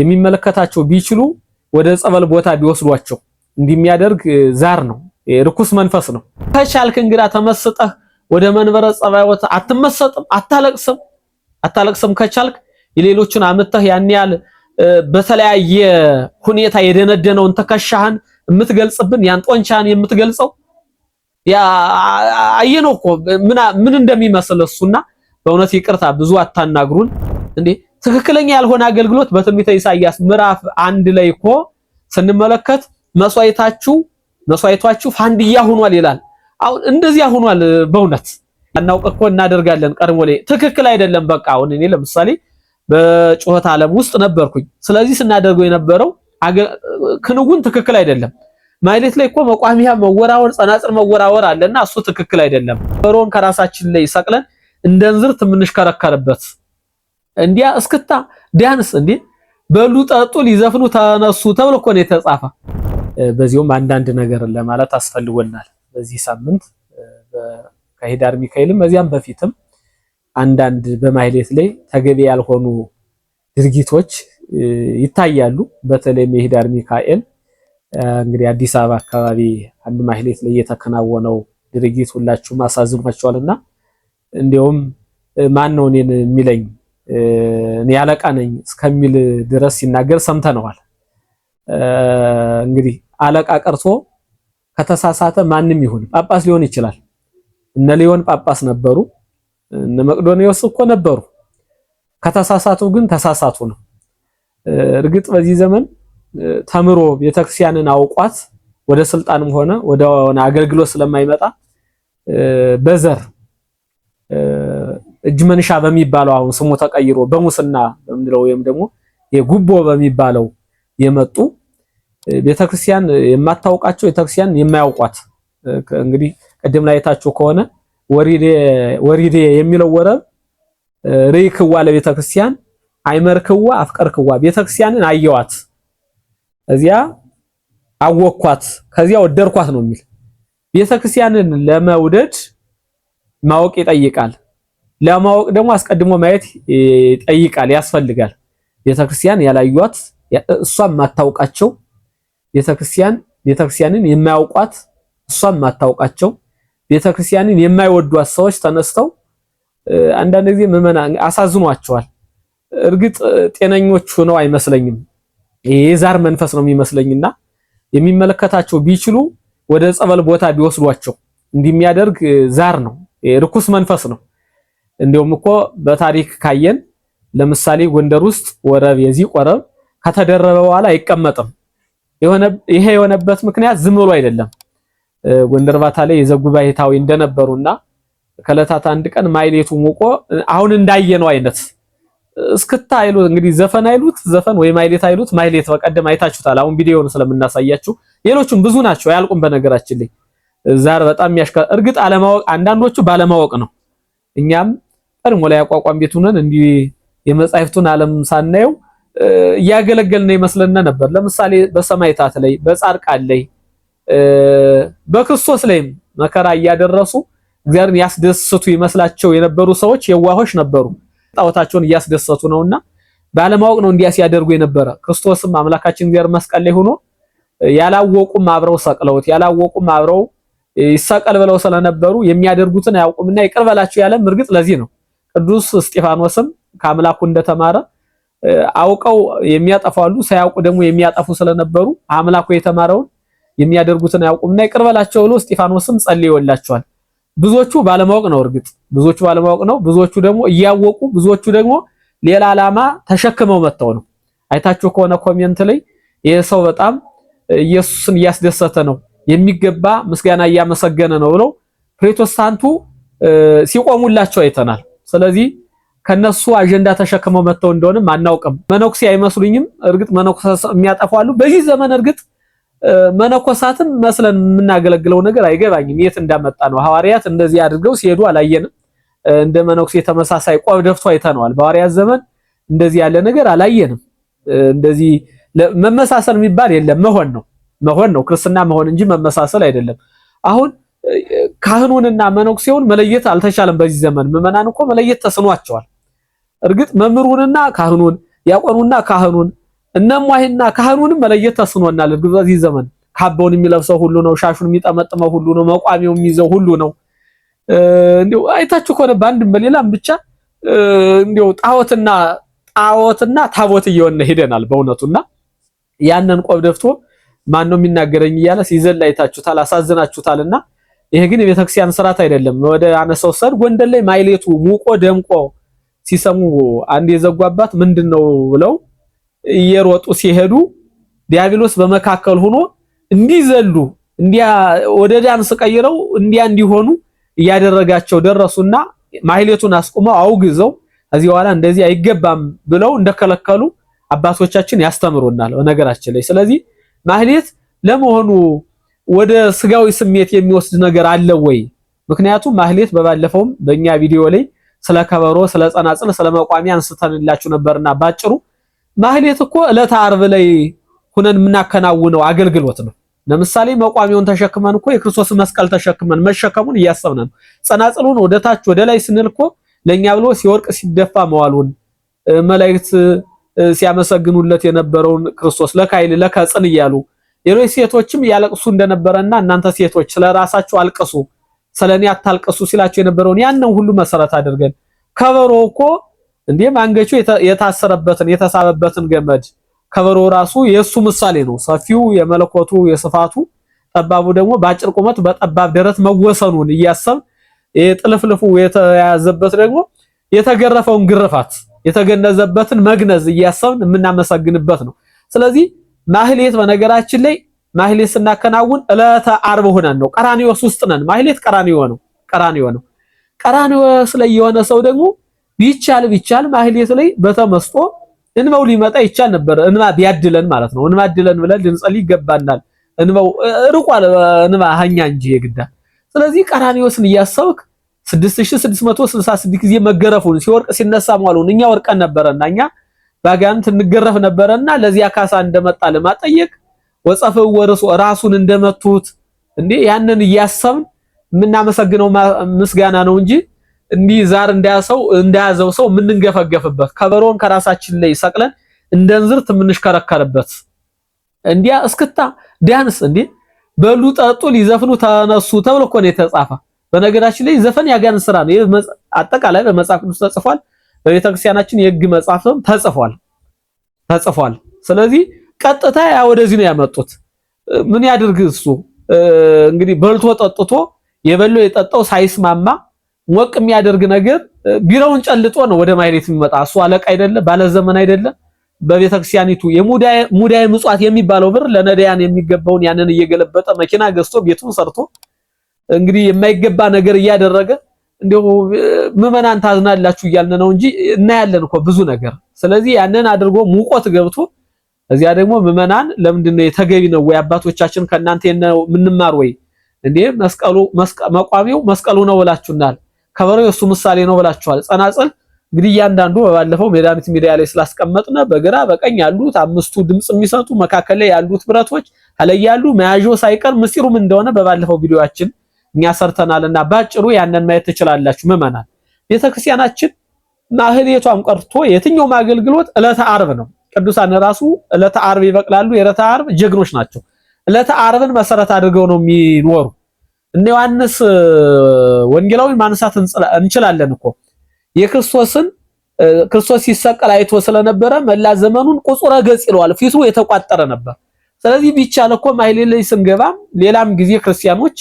የሚመለከታቸው ቢችሉ ወደ ጸበል ቦታ ቢወስዷቸው እንዲሚያደርግ ዛር ነው፣ ርኩስ መንፈስ ነው። ከቻልክ እንግዳ ተመስጠህ ወደ መንበረ ጸባዖት አትመሰጥም፣ አታለቅስም፣ አታለቅስም። ከቻልክ የሌሎችን አምጥተህ ያን ያህል በተለያየ ሁኔታ የደነደነውን ትከሻህን የምትገልጽብን ያን ጦንቻህን የምትገልጸው ያ አየነው እኮ ምን እንደሚመስል እሱና፣ በእውነት ይቅርታ ብዙ አታናግሩን እንዴ። ትክክለኛ ያልሆነ አገልግሎት በትንቢተ ኢሳይያስ ምዕራፍ አንድ ላይ እኮ ስንመለከት መስዋዕታችሁ መስዋዕታችሁ ፋንድያ ሆኗል ይላል። አሁን እንደዚያ ሆኗል። በእውነት እናውቅ እኮ እናደርጋለን። ቀድሞ ላይ ትክክል አይደለም። በቃ አሁን እኔ ለምሳሌ በጩኸት ዓለም ውስጥ ነበርኩኝ። ስለዚህ ስናደርገው የነበረው ክንውን ትክክል አይደለም። ማይሌት ላይ እኮ መቋሚያ መወራወር፣ ጸናጽል መወራወር አለና እሱ ትክክል አይደለም። በሮን ከራሳችን ላይ ሰቅለን እንደ እንዝርት የምንሽከረከርበት እንዲያ እስክታ ዳንስ እንዴ በሉ ጠጡ ሊዘፍኑ ተነሱ ተብሎ እኮ ነው የተጻፈ። በዚሁም አንዳንድ ነገር ለማለት አስፈልጎናል። በዚህ ሳምንት ከህዳር ሚካኤልም በዚያም በፊትም አንዳንድ በማህሌት ላይ ተገቢ ያልሆኑ ድርጊቶች ይታያሉ። በተለይም የህዳር ሚካኤል እንግዲህ አዲስ አበባ አካባቢ አንድ ማህሌት ላይ የተከናወነው ድርጊት ሁላችሁም አሳዝኗቸዋልና እንዲሁም ማን ነው እኔን የሚለኝ እኔ አለቃ ነኝ እስከሚል ድረስ ሲናገር ሰምተነዋል። እንግዲህ አለቃ ቀርቶ ከተሳሳተ ማንም ይሁን ጳጳስ ሊሆን ይችላል። እነ ሊዮን ጳጳስ ነበሩ፣ እነ እኮ ነበሩ። ከተሳሳቱ ግን ተሳሳቱ ነው። እርግጥ በዚህ ዘመን ተምሮ ቤተክርስቲያንን አውቋት ወደ ስልጣንም ሆነ ወደ አገልግሎት ስለማይመጣ በዘር እጅ መንሻ በሚባለው አሁን ስሙ ተቀይሮ በሙስና በምንለው ወይም ደግሞ የጉቦ በሚባለው የመጡ ቤተክርስቲያን የማታውቃቸው ቤተክርስቲያን የማያውቋት እንግዲህ ቀደም ላይ የታቸው ከሆነ ወሪዴ ወሪዴ የሚለው ወረብ ርይክዋ ለቤተክርስቲያን አይመርክዋ አፍቀርክዋ ቤተክርስቲያንን አየዋት እዚያ አወኳት ከዚያ ወደድኳት ነው የሚል ቤተክርስቲያንን ለመውደድ ማወቅ ይጠይቃል። ለማወቅ ደግሞ አስቀድሞ ማየት ይጠይቃል፣ ያስፈልጋል። ቤተክርስቲያን ያላዩት እሷም ማታውቃቸው ቤተክርስቲያን ቤተክርስቲያንን የማያውቋት እሷም ማታውቃቸው ቤተክርስቲያንን የማይወዷት ሰዎች ተነስተው አንዳንድ ጊዜ ምዕመናን አሳዝኗቸዋል። እርግጥ ጤነኞች ሆነው አይመስለኝም። የዛር መንፈስ ነው የሚመስለኝና የሚመለከታቸው ቢችሉ ወደ ጸበል ቦታ ቢወስዷቸው እንዲሚያደርግ ዛር ነው፣ ርኩስ መንፈስ ነው። እንዲሁም እኮ በታሪክ ካየን ለምሳሌ ጎንደር ውስጥ ወረብ የዚህ ቆረብ ከተደረበ በኋላ አይቀመጥም። ይሄ የሆነበት ምክንያት ዝም ብሎ አይደለም። ጎንደር ባታ ላይ የዘጉባይታዊ እንደነበሩና ከለታት አንድ ቀን ማይሌቱ ሙቆ አሁን እንዳየነው አይነት እስክታ አይሉት እንግዲህ ዘፈን አይሉት ዘፈን ወይ ማይሌት አይሉት ማይሌት በቀደም አይታችሁታል። አሁን ቪዲዮውን ስለምናሳያችሁ ሌሎቹም ብዙ ናቸው፣ አያልቁም። በነገራችን ላይ ዛር በጣም ያሽካ እርግጥ አለማወቅ አንዳንዶቹ ባለማወቅ ነው። እኛም ቀድሞ ላይ አቋቋም ቤት ሆነን እንዲህ የመጻሕፍቱን ዓለም ሳናየው እያገለገልን ይመስለን ነበር። ለምሳሌ በሰማይታት ላይ፣ በጻድቃን ላይ፣ በክርስቶስ ላይም መከራ እያደረሱ እግዚአብሔርን ያስደስቱ ይመስላቸው የነበሩ ሰዎች የዋሆች ነበሩ። ጣዖታቸውን እያስደሰቱ ነውና ባለማወቅ ነው እንዲያ ሲያደርጉ የነበረ። ክርስቶስም አምላካችን እግዚአብሔር መስቀል ላይ ሆኖ ያላወቁም አብረው ሰቅለውት ያላወቁም አብረው ይሰቀል ብለው ስለነበሩ የሚያደርጉትን አያውቁምና ይቅር በላቸው ያለም እርግጥ ለዚህ ነው። ቅዱስ እስጢፋኖስም ከአምላኩ እንደተማረ አውቀው የሚያጠፉ አሉ ሳያውቁ ደግሞ የሚያጠፉ ስለነበሩ አምላኩ የተማረውን የሚያደርጉትን አያውቁም እና ይቅር በላቸው ብሎ እስጢፋኖስም ጸልዮላቸዋል። ብዙዎቹ ባለማወቅ ነው። እርግጥ ብዙዎቹ ባለማወቅ ነው። ብዙዎቹ ደግሞ እያወቁ፣ ብዙዎቹ ደግሞ ሌላ ዓላማ ተሸክመው መጥተው ነው። አይታችሁ ከሆነ ኮሜንት ላይ ይህ ሰው በጣም ኢየሱስን እያስደሰተ ነው፣ የሚገባ ምስጋና እያመሰገነ ነው ብለው ፕሮቴስታንቱ ሲቆሙላቸው አይተናል። ስለዚህ ከነሱ አጀንዳ ተሸክመው መጥተው እንደሆነም አናውቅም። መነኩሴ አይመስሉኝም። እርግጥ መነኮሳት የሚያጠፉ አሉ። በዚህ ዘመን እርግጥ መነኮሳትን መስለን የምናገለግለው ነገር አይገባኝም። የት እንዳመጣ ነው። ሐዋርያት እንደዚህ አድርገው ሲሄዱ አላየንም። እንደ መነኩሴ ተመሳሳይ ቆብ ደፍቶ አይተነዋል። በሐዋርያት ዘመን እንደዚህ ያለ ነገር አላየንም። እንደዚህ መመሳሰል የሚባል የለም። መሆን ነው መሆን ነው ክርስትና መሆን እንጂ መመሳሰል አይደለም። አሁን ካህኑንና መነኩሴውን መለየት አልተቻለም። በዚህ ዘመን ምዕመናን እኮ መለየት ተስኗቸዋል። እርግጥ መምህሩንና ካህኑን ያቆኑና ካህኑን እነማይና ካህኑንም መለየት ተስኖናል። እርግጥ በዚህ ዘመን ካባውን የሚለብሰው ሁሉ ነው፣ ሻሹን የሚጠመጥመው ሁሉ ነው፣ መቋሚያው የሚይዘው ሁሉ ነው። እንዴው አይታችሁ ከሆነ በአንድም በሌላም ብቻ እንዴው ጣዖትና ጣዖትና ታቦት እየሆነ ሄደናል በእውነቱና ያንን ቆብ ደፍቶ ማን ነው የሚናገረኝ እያለ ሲዘል አይታችሁታል፣ አሳዝናችሁታልና ይሄ ግን የቤተክርስቲያን ስርዓት አይደለም። ወደ አነሳው ሰድ ጎንደር ላይ ማይሌቱ ሙቆ ደምቆ ሲሰሙ አንድ የዘጓባት ምንድነው ምንድን ነው ብለው እየሮጡ ሲሄዱ ዲያብሎስ በመካከል ሆኖ እንዲዘሉ እንዲያ ወደ ዳንስ ቀይረው እንዲያ እንዲሆኑ እያደረጋቸው ደረሱና ማህሌቱን አስቁመው አውግዘው ከዚህ በኋላ እንደዚህ አይገባም ብለው እንደከለከሉ አባቶቻችን ያስተምሩናል በነገራችን ላይ። ስለዚህ ማህሌት ለመሆኑ ወደ ስጋዊ ስሜት የሚወስድ ነገር አለ ወይ? ምክንያቱም ማህሌት በባለፈውም በእኛ ቪዲዮ ላይ ስለ ከበሮ፣ ስለ ጸናጽል፣ ስለ መቋሚያ አንስተንላችሁ ነበርና ባጭሩ ማህሌት እኮ ዕለት ዓርብ ላይ ሁነን የምናከናውነው አገልግሎት ነው። ለምሳሌ መቋሚያውን ተሸክመን እኮ የክርስቶስ መስቀል ተሸክመን መሸከሙን እያሰብን ነው። ጸናጽሉን ወደ ታች ወደ ላይ ስንል እኮ ለኛ ብሎ ሲወርቅ ሲደፋ መዋሉን መላእክት ሲያመሰግኑለት የነበረውን ክርስቶስ ለካይል ለከጽን እያሉ ሌሎች ሴቶችም ያለቅሱ እንደነበረና እናንተ ሴቶች ስለራሳችሁ አልቅሱ ስለኔ አታልቅሱ ሲላቸው የነበረውን ያንን ሁሉ መሰረት አድርገን ከበሮ እኮ እንዴ አንገቹ የታሰረበትን የተሳበበትን ገመድ ከበሮ ራሱ የሱ ምሳሌ ነው። ሰፊው የመለኮቱ የስፋቱ ጠባቡ ደግሞ በአጭር ቁመት በጠባብ ደረት መወሰኑን እያሰብ የጥልፍልፉ የተያዘበት ደግሞ የተገረፈውን ግርፋት የተገነዘበትን መግነዝ እያሰብን የምናመሰግንበት ነው። ስለዚህ ማህሌት በነገራችን ላይ ማህሌት ስናከናውን ዕለተ አርብ ሆነን ነው። ቀራኒዮስ ውስጥ ነን። ማህሌት ቀራኒዮ ነው። ቀራኒዮ ነው። ቀራኒዮስ ላይ የሆነ ሰው ደግሞ ቢቻል ቢቻል ማህሌት ላይ በተመስጦ እንበው ሊመጣ ይቻል ነበር። እንባ ቢያድለን ማለት ነው። እንባ ድለን ብለን ልንጸልይ ይገባናል። እንበው ርቋል። እንባ ሀኛ እንጂ የግዳ ስለዚህ ቀራኒዮስን እያሰብክ 6666 ጊዜ መገረፉን ሲወርቅ ሲነሳ መዋሉን እኛ ወርቀን ነበረና እኛ ባጋንት እንገረፍ ነበረና ለዚያ ካሳ እንደመጣ ለማጠየቅ ወጸፈው ወርሶ ራሱን እንደመቱት እንዴ ያንን እያሰብን የምናመሰግነው ምስጋና ነው እንጂ እንዲህ ዛር እንዳያሰው እንዳያዘው ሰው የምንገፈገፍበት ከበሮን ከራሳችን ላይ ሰቅለን እንደንዝርት የምንሽከረከርበት እንዲያ እስክታ ዳንስ እንዴ በሉ ጠጡ፣ ሊዘፍኑ ተነሱ ተብሎ እኮ ነው የተጻፈ። በነገራችን ላይ ዘፈን ያጋን ስራ ነው። አጠቃላይ በመጽሐፍ ቅዱስ ተጽፏል። በቤተ ክርስቲያናችን የህግ መጽሐፍም ተጽፏል ተጽፏል። ስለዚህ ቀጥታ ያ ወደዚህ ነው ያመጡት። ምን ያድርግ እሱ እንግዲህ በልቶ ጠጥቶ የበለው የጠጣው ሳይስማማ ሞቅ የሚያደርግ ነገር ቢራውን ጨልጦ ነው ወደ ማይሌት የሚመጣ። እሱ አለቃ አይደለ፣ ባለዘመን አይደለ። በቤተክርስቲያኒቱ የሙዳየ ምጽዋት የሚባለው ብር ለነዳያን የሚገባውን ያንን እየገለበጠ መኪና ገዝቶ ቤቱን ሰርቶ እንግዲህ የማይገባ ነገር እያደረገ እንዲሁ ምዕመናን ታዝናላችሁ እያልን ነው እንጂ እናያለን እኮ ብዙ ነገር። ስለዚህ ያንን አድርጎ ሙቆት ገብቶ እዚያ ደግሞ ምዕመናን ለምንድን ነው የተገቢ ነው ወይ አባቶቻችን ከእናንተ የምንማር ወይ እንዴ መስቀሉ መቋሚው መስቀሉ ነው ብላችሁናል። ከበሬው እሱ ምሳሌ ነው ብላችኋል። ጸናጽል እንግዲህ እያንዳንዱ በባለፈው ሜዳሚት ሚዲያ ላይ ስላስቀመጥነ በግራ በቀኝ ያሉት አምስቱ ድምጽ የሚሰጡ መካከል ላይ ያሉት ብረቶች አለያሉ መያዦ ሳይቀር ምስጢሩም እንደሆነ በባለፈው ቪዲዮአችን እኛ ሰርተናልና ባጭሩ ያንን ማየት ትችላላችሁ። ምዕመናን ቤተክርስቲያናችን ማህሌቷም ቀርቶ የትኛውም አገልግሎት ዕለተ ዓርብ ነው። ቅዱሳን ራሱ ዕለተ ዓርብ ይበቅላሉ። የዕለተ ዓርብ ጀግኖች ናቸው። ዕለተ ዓርብን መሰረት አድርገው ነው የሚኖሩ። እነ ዮሐንስ ወንጌላዊ ማንሳት እንችላለን እኮ የክርስቶስን ክርስቶስ ሲሰቀል አይቶ ስለነበረ መላ ዘመኑን ቁጹረ ገጽ ይለዋል። ፊቱ የተቋጠረ ነበር። ስለዚህ ቢቻል እኮ ማህሌት ላይ ስንገባም ሌላም ጊዜ ክርስቲያኖች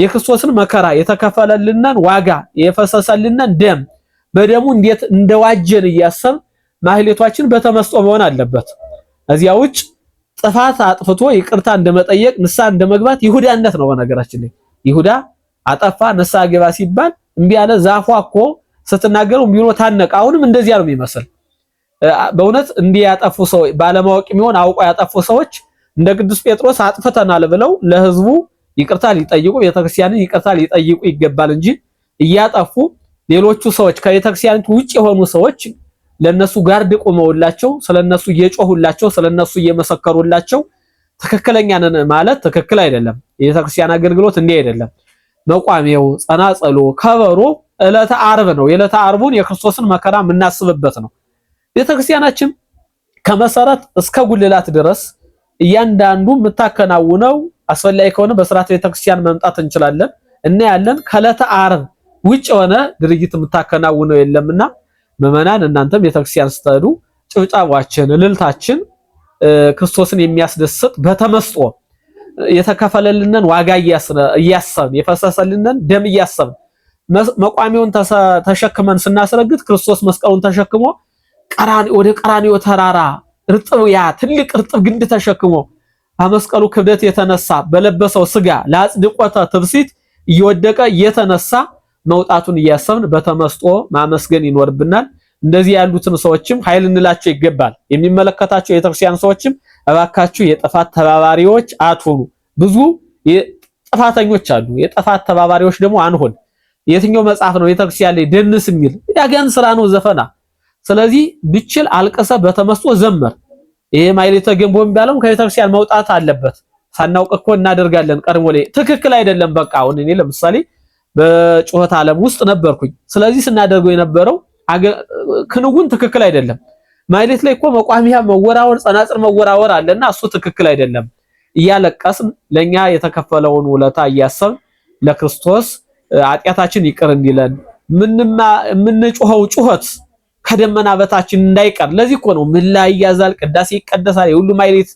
የክርስቶስን መከራ የተከፈለልንን ዋጋ የፈሰሰልንን ደም በደሙ እንዴት እንደዋጀን እያሰብ ማህሌቷችን በተመስጦ መሆን አለበት። እዚያ ውጭ ጥፋት አጥፍቶ ይቅርታ እንደመጠየቅ ንሳ እንደመግባት ይሁዳነት ነው። በነገራችን ላይ ይሁዳ አጠፋ ንሳ ገባ ሲባል እምቢ ዛፏ እኮ ስትናገሩ እምቢ ብሎ ታነቀ። አሁንም እንደዚያ ነው የሚመስል። በእውነት እንዲህ ያጠፉ ሰዎች ባለማወቅ የሚሆን አውቆ ያጠፉ ሰዎች እንደ ቅዱስ ጴጥሮስ አጥፍተናል ብለው ለህዝቡ ይቅርታ ሊጠይቁ ቤተክርስቲያንን ይቅርታ ሊጠይቁ ይገባል እንጂ እያጠፉ ሌሎቹ ሰዎች ከቤተክርስቲያን ውጭ የሆኑ ሰዎች ለነሱ ጋርድ ቆመውላቸው ስለነሱ እየጮሁላቸው ስለነሱ እየመሰከሩላቸው ትክክለኛ ነን ማለት ትክክል አይደለም። የቤተክርስቲያን አገልግሎት እንዲህ አይደለም። መቋሚያው፣ ጸናጸሉ፣ ከበሮ ዕለተ ዓርብ ነው። የዕለተ ዓርቡን የክርስቶስን መከራ የምናስብበት ነው። ቤተክርስቲያናችን ከመሰረት እስከ ጉልላት ድረስ እያንዳንዱ የምታከናውነው አስፈላጊ ከሆነ በስርዓት ቤተክርስቲያን መምጣት እንችላለን እና ያለን ከዕለተ ዓርብ ውጭ የሆነ ድርጊት የምታከናውነው የለምና ምዕመናን እናንተም ቤተክርስቲያን ስትሄዱ ጭብጨባችን፣ እልልታችን ክርስቶስን የሚያስደስት በተመስጦ የተከፈለልንን ዋጋ እያሰብን የፈሰሰልንን ደም እያሰብን መቋሚውን ተሸክመን ስናስረግጥ ክርስቶስ መስቀሉን ተሸክሞ ቀራኒ ወደ ቀራኒዮ ተራራ እርጥብ ያ ትልቅ እርጥብ ግንድ ተሸክሞ አመስቀሉ ክብደት የተነሳ በለበሰው ስጋ ለአጽድቆተ ትብሲት እየወደቀ እየተነሳ መውጣቱን እያሰብን በተመስጦ ማመስገን ይኖርብናል። እንደዚህ ያሉትን ሰዎችም ኃይል እንላቸው ይገባል። የሚመለከታቸው የቤተክርስቲያን ሰዎችም እባካችሁ የጥፋት ተባባሪዎች አትሆኑ። ብዙ ጥፋተኞች አሉ። የጥፋት ተባባሪዎች ደግሞ አንሆን። የትኛው መጽሐፍ ነው ቤተክርስቲያን ላይ ደንስ የሚል ያገን ስራ ነው ዘፈና። ስለዚህ ብችል አልቀሰ በተመስጦ ዘመር ይሄ ማይሌት ተገንቦ የሚባለው ከቤተክርስቲያን መውጣት አለበት። ሳናውቅ እኮ እናደርጋለን። ቀድሞ ላይ ትክክል አይደለም። በቃ አሁን እኔ ለምሳሌ በጩኸት ዓለም ውስጥ ነበርኩኝ። ስለዚህ ስናደርገው የነበረው ክንውን ትክክል አይደለም። ማይሌት ላይ እኮ መቋሚያ መወራወር፣ ጸናጽር መወራወር አለና እሱ ትክክል አይደለም። እያለቀስን ለኛ የተከፈለውን ውለታ እያሰብን ለክርስቶስ አጥያታችን ይቅር እንዲለን ምንማ የምንጮኸው ጩኸት ከደመና በታችን እንዳይቀር። ለዚህ እኮ ነው ምላ ያዛል፣ ቅዳሴ ይቀደሳል፣ የሁሉ ማይሌት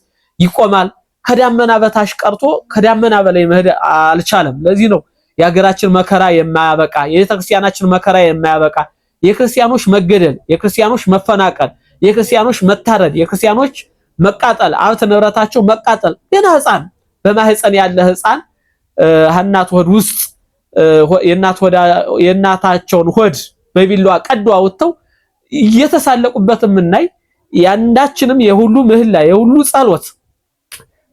ይቆማል። ከደመና በታች ቀርቶ ከዳመና በላይ መሄድ አልቻለም። ለዚህ ነው የሀገራችን መከራ የማያበቃ የቤተክርስቲያናችን መከራ የማያበቃ የክርስቲያኖች መገደል፣ የክርስቲያኖች መፈናቀል፣ የክርስቲያኖች መታረድ፣ የክርስቲያኖች መቃጠል፣ ሀብት ንብረታቸው መቃጠል። ገና ህፃን በማህፀን ያለ ህፃን እናት ሆድ ውስጥ የእናታቸውን ሆድ በቢላዋ ቀዶ አውጥተው እየተሳለቁበት የምናይ ያንዳችንም የሁሉ ምህላ የሁሉ ጸሎት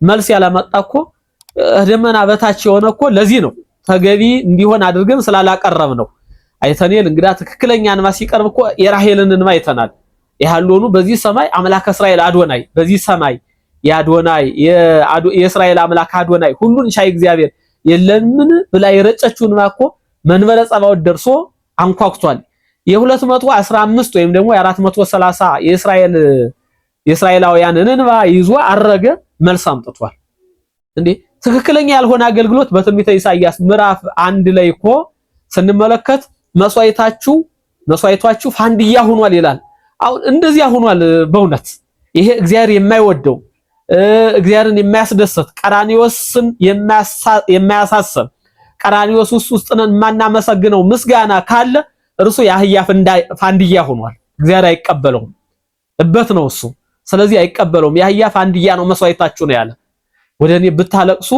መልስ ያላመጣ እኮ ደመና በታች የሆነ እኮ ለዚህ ነው ተገቢ እንዲሆን አድርገን ስላላቀረብ ነው። አይተኔል እንግዳ ትክክለኛ እንማ ሲቀርብ እኮ የራሄልን እንማ አይተናል። ያሉኑ በዚህ ሰማይ አምላክ እስራኤል አዶናይ በዚህ ሰማይ የአዶናይ የእስራኤል አምላክ አዶናይ ሁሉን ሻይ እግዚአብሔር የለምን ብላ የረጨችውን እኮ መንበረ ጸባዖት ደርሶ አንኳኩቷል። የ215 ወይም ደግሞ የ430 የእስራኤል የእስራኤላውያንን እንባ ይዞ አረገ። መልስ አምጥቷል። እንዴ ትክክለኛ ያልሆነ አገልግሎት በትንቢተ ኢሳይያስ ምዕራፍ አንድ ላይ እኮ ስንመለከት መስዋዕታችሁ መስዋዕታችሁ ፋንድያ ሆኗል ይላል። አሁን እንደዚያ ሆኗል። በእውነት ይሄ እግዚአብሔር የማይወደው እግዚአብሔርን የማያስደስት ቀራኒዎስን የማያሳስብ ቀራኒዎስ ውስጥ ውስጥነን የማናመሰግነው ምስጋና ካለ እርሱ የአህያ ፋንድያ ሆኗል። እግዚአብሔር አይቀበለውም። እበት ነው እሱ። ስለዚህ አይቀበለውም። የአህያ ፋንድያ ነው መስዋዕታችሁ ነው ያለ። ወደ እኔ ብታለቅሱ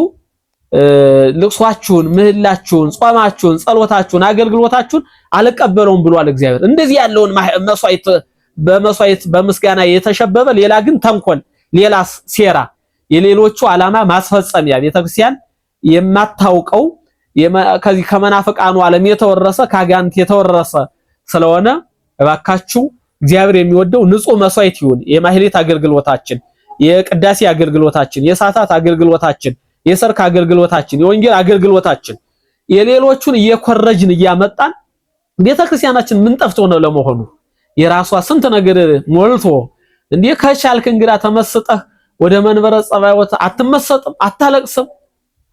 ልቅሷችሁን፣ ምህላችሁን፣ ጾማችሁን፣ ጸሎታችሁን፣ አገልግሎታችሁን አልቀበለውም ብሏል እግዚአብሔር። እንደዚህ ያለውን መስዋዕት በመስዋዕት በምስጋና የተሸበበ ሌላ ግን ተንኮል፣ ሌላ ሴራ፣ የሌሎቹ ዓላማ ማስፈጸሚያ ቤተክርስቲያን የማታውቀው ከዚህ ከመናፍቃኑ ዓለም የተወረሰ ከአጋንት የተወረሰ ስለሆነ እባካችሁ እግዚአብሔር የሚወደው ንጹህ መስዋዕት ይሁን። የማህሌት አገልግሎታችን፣ የቅዳሴ አገልግሎታችን፣ የሳታት አገልግሎታችን፣ የሰርክ አገልግሎታችን፣ የወንጌል አገልግሎታችን የሌሎቹን እየኮረጅን እያመጣን ቤተክርስቲያናችን ምን ጠፍቶ ነው ለመሆኑ? የራሷ ስንት ነገር ሞልቶ እንዴ ከቻልክ እንግዳ ተመስጠህ ወደ መንበረ ጸባዖት አትመሰጥም? አታለቅስም?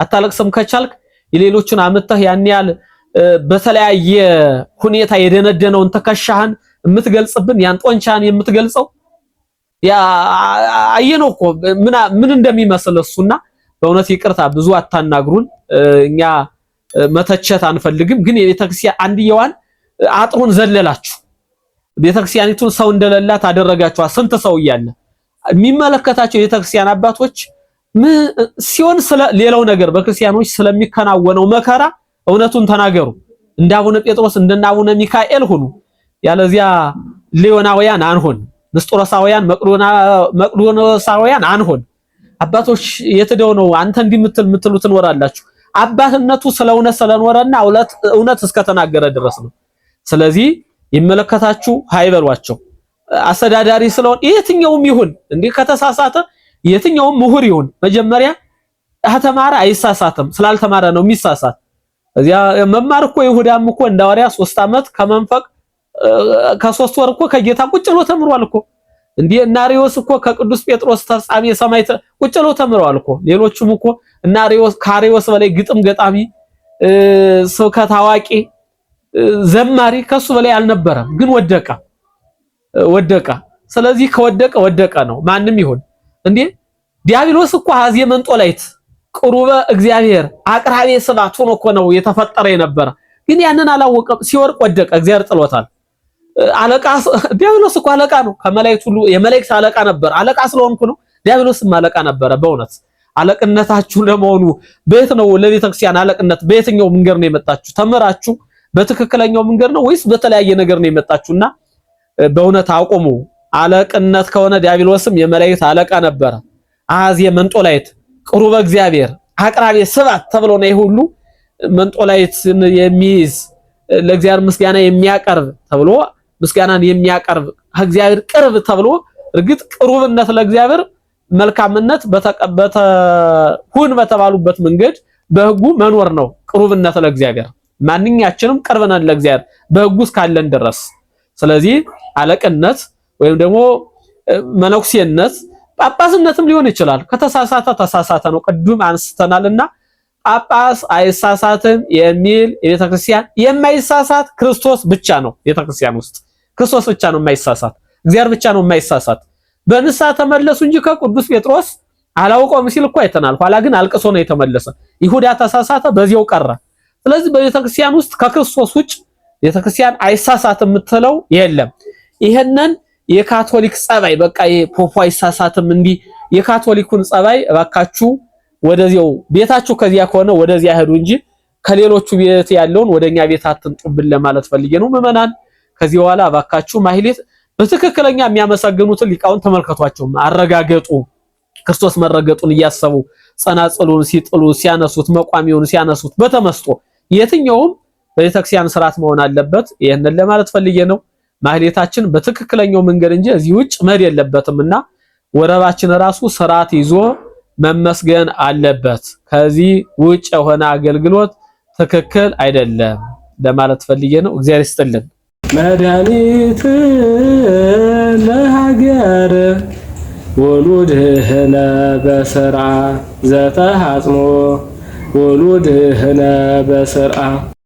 አታለቅስም ከቻልክ የሌሎችን አምጥተህ ያን ያህል በተለያየ ሁኔታ የደነደነውን ትከሻህን የምትገልጽብን ያን ጦንቻህን የምትገልጸው ያ አየነው እኮ ምን እንደሚመስል እሱና በእውነት ይቅርታ ብዙ አታናግሩን። እኛ መተቸት አንፈልግም፣ ግን የቤተክርስቲያን አንድየዋን አጥሩን ዘለላችሁ። ቤተክርስቲያኒቱን ሰው እንደሌላት አደረጋችኋት። ስንት ሰው እያለ የሚመለከታቸው የቤተክርስቲያን አባቶች ሲሆን ስለ ሌላው ነገር በክርስቲያኖች ስለሚከናወነው መከራ እውነቱን ተናገሩ። እንደ አቡነ ጴጥሮስ እንደነ አቡነ ሚካኤል ሁኑ። ያለዚያ ሊዮናውያን አንሆን፣ ንስጥሮሳውያን፣ መቅዶኖሳውያን አንሆን። አባቶች የትደው ነው አንተ እንዲምትል ምትሉ ትኖራላችሁ። አባትነቱ ስለ እውነት ስለኖረና እውነት እስከተናገረ ድረስ ነው። ስለዚህ ይመለከታችሁ ሀይበሏቸው አስተዳዳሪ ስለሆን የትኛውም ይሁን እንዲህ ከተሳሳተ የትኛውም ምሁር ይሁን መጀመሪያ ከተማረ አይሳሳትም። ስላልተማረ ነው የሚሳሳት። እዚያ መማር እኮ ይሁዳም እኮ እንደ ሐዋርያ ሶስት ዓመት ከመንፈቅ ከሶስት ወር እኮ ከጌታ ቁጭ ብሎ ተምሯል እኮ እንዴ እና አርዮስ እኮ ከቅዱስ ጴጥሮስ ተጻሚ የሰማይ ቁጭ ብሎ ተምረዋል እኮ። ሌሎቹም እኮ እና አርዮስ ከአርዮስ በላይ ግጥም ገጣሚ፣ ስብከት አዋቂ፣ ዘማሪ ከሱ በላይ አልነበረም። ግን ወደቀ ወደቀ። ስለዚህ ከወደቀ ወደቀ ነው ማንም ይሁን እንዴ ዲያብሎስ እኮ አዜ መንጦላይት ቅሩበ እግዚአብሔር አቅራቤ ስብሐት ሆኖ እኮ ነው የተፈጠረ የነበረ። ግን ያንን አላወቀም። ሲወርቅ ወደቀ፣ እግዚአብሔር ጥሎታል። አለቃ ዲያብሎስ እኮ አለቃ ነው። ከመላእክት ሁሉ የመላእክት አለቃ ነበር። አለቃ ስለሆንኩ ነው። ዲያብሎስም አለቃ ነበረ። በእውነት አለቅነታችሁ ለመሆኑ በየት ነው? ለቤተ ክርስቲያን አለቅነት በየትኛው መንገድ ነው የመጣችሁ? ተምራችሁ በትክክለኛው መንገድ ነው ወይስ በተለያየ ነገር ነው የመጣችሁና በእውነት አቆሙ። አለቅነት ከሆነ ዲያብሎስም የመላእክት አለቃ ነበረ። አዜ መንጦላይት ቅሩበ እግዚአብሔር አቅራቤ ስብሐት ተብሎ ነው ሁሉ መንጦላይት የሚይዝ ለእግዚአብሔር ምስጋና የሚያቀርብ ተብሎ ምስጋናን የሚያቀርብ ከእግዚአብሔር ቅርብ ተብሎ እርግጥ ቅሩብነት ለእግዚአብሔር መልካምነት በተቀበተ ሁን በተባሉበት መንገድ በህጉ መኖር ነው። ቅሩብነት ለእግዚአብሔር ማንኛችንም ቅርብ ነን ለእግዚአብሔር በህጉ እስካለን ድረስ ስለዚህ አለቅነት ወይም ደግሞ መነኩሴነት ጳጳስነትም ሊሆን ይችላል። ከተሳሳተ ተሳሳተ ነው፣ ቅድም አንስተናልና ጳጳስ አይሳሳትም የሚል የቤተ ክርስቲያን የማይሳሳት ክርስቶስ ብቻ ነው። ቤተ ክርስቲያን ውስጥ ክርስቶስ ብቻ ነው የማይሳሳት፣ እግዚአብሔር ብቻ ነው የማይሳሳት። በንሳ ተመለሱ እንጂ ከቅዱስ ጴጥሮስ አላውቀውም ሲል እኮ አይተናል። ኋላ ግን አልቅሶ ነው የተመለሰ። ይሁዳ ተሳሳተ፣ በዚያው ቀረ። ስለዚህ በቤተ ክርስቲያን ውስጥ ከክርስቶስ ውጭ ቤተ ክርስቲያን አይሳሳት የምትለው የለም። ይሄንን የካቶሊክ ጸባይ በቃ የፖፖ አይሳሳትም። እንዲህ የካቶሊኩን ጸባይ እባካችሁ ወደዚያው ቤታችሁ ከዚያ ከሆነ ወደዚያ ሄዱ እንጂ ከሌሎቹ ቤት ያለውን ወደኛ ቤት አትንጡብን ለማለት ፈልጌ ነው። ምዕመናን ከዚህ በኋላ እባካችሁ ማህሌት በትክክለኛ የሚያመሰግኑትን ሊቃውን ተመልከቷቸው፣ አረጋገጡ። ክርስቶስ መረገጡን እያሰቡ ጸናጽሉን ሲጥሉ ሲያነሱት፣ መቋሚውን ሲያነሱት በተመስጦ የትኛውም በቤተክርስቲያን ስርዓት መሆን አለበት። ይህንን ለማለት ፈልጌ ነው። ማህሌታችን በትክክለኛው መንገድ እንጂ እዚህ ውጭ መድ የለበትምና ወረባችን ራሱ ስርዓት ይዞ መመስገን አለበት። ከዚህ ውጭ የሆነ አገልግሎት ትክክል አይደለም ለማለት ፈልጌ ነው። እግዚአብሔር ይስጥልን። መድኃኒት ለሀገር ወሉድህነ በስርዓ ዘተሃጽሞ ወሉድህነ በስርዓ